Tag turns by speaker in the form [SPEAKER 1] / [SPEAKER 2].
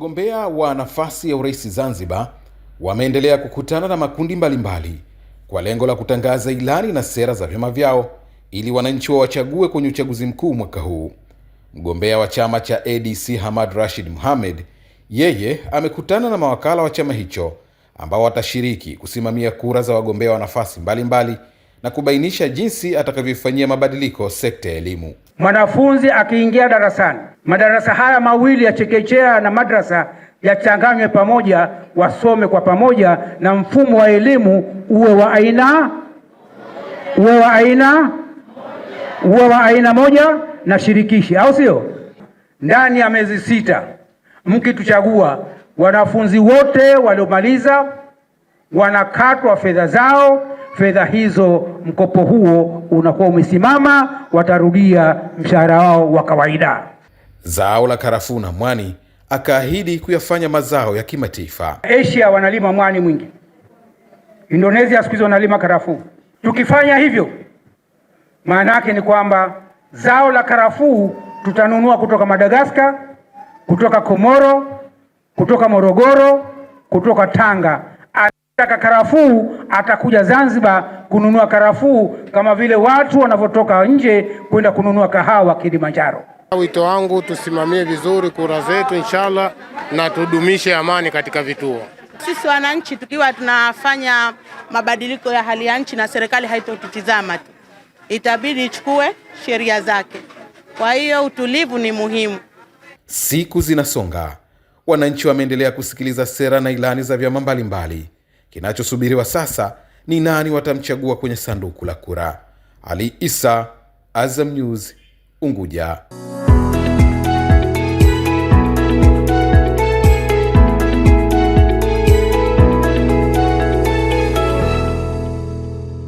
[SPEAKER 1] Wagombea wa nafasi ya urais Zanzibar wameendelea kukutana na makundi mbalimbali mbali, kwa lengo la kutangaza ilani na sera za vyama vyao ili wananchi wawachague kwenye uchaguzi mkuu mwaka huu. Mgombea wa chama cha ADC Hamad Rashid muhamed yeye amekutana na mawakala wa chama hicho ambao watashiriki kusimamia kura za wagombea wa nafasi mbalimbali mbali, na kubainisha jinsi atakavyofanyia mabadiliko sekta ya elimu.
[SPEAKER 2] Mwanafunzi akiingia darasani, madarasa haya mawili ya chekechea na madrasa yachanganywe pamoja, wasome kwa pamoja, na mfumo wa elimu uwe wa aina uwe wa aina uwe wa aina moja na shirikishi, au sio? Ndani ya miezi sita mkituchagua, wanafunzi wote waliomaliza wanakatwa fedha zao fedha hizo, mkopo huo unakuwa umesimama, watarudia mshahara wao wa kawaida.
[SPEAKER 1] Zao la karafuu na mwani, akaahidi kuyafanya mazao ya kimataifa.
[SPEAKER 2] Asia wanalima mwani mwingi, Indonesia siku hizi wanalima karafuu. Tukifanya hivyo, maana yake ni kwamba zao la karafuu tutanunua kutoka Madagaskar, kutoka Komoro, kutoka Morogoro, kutoka Tanga taka karafuu atakuja Zanzibar kununua karafuu kama vile watu wanavyotoka nje kwenda kununua kahawa Kilimanjaro.
[SPEAKER 3] Wito wangu tusimamie vizuri kura zetu inshallah, na tudumishe amani katika vituo.
[SPEAKER 4] Sisi wananchi tukiwa tunafanya mabadiliko ya hali ya nchi, na serikali haitotutizama tu, itabidi ichukue sheria zake. Kwa hiyo utulivu ni muhimu.
[SPEAKER 1] Siku zinasonga, wananchi wameendelea kusikiliza sera na ilani za vyama mbalimbali Kinachosubiriwa sasa ni nani watamchagua kwenye sanduku la kura. Ali Isa, Azam News, Unguja.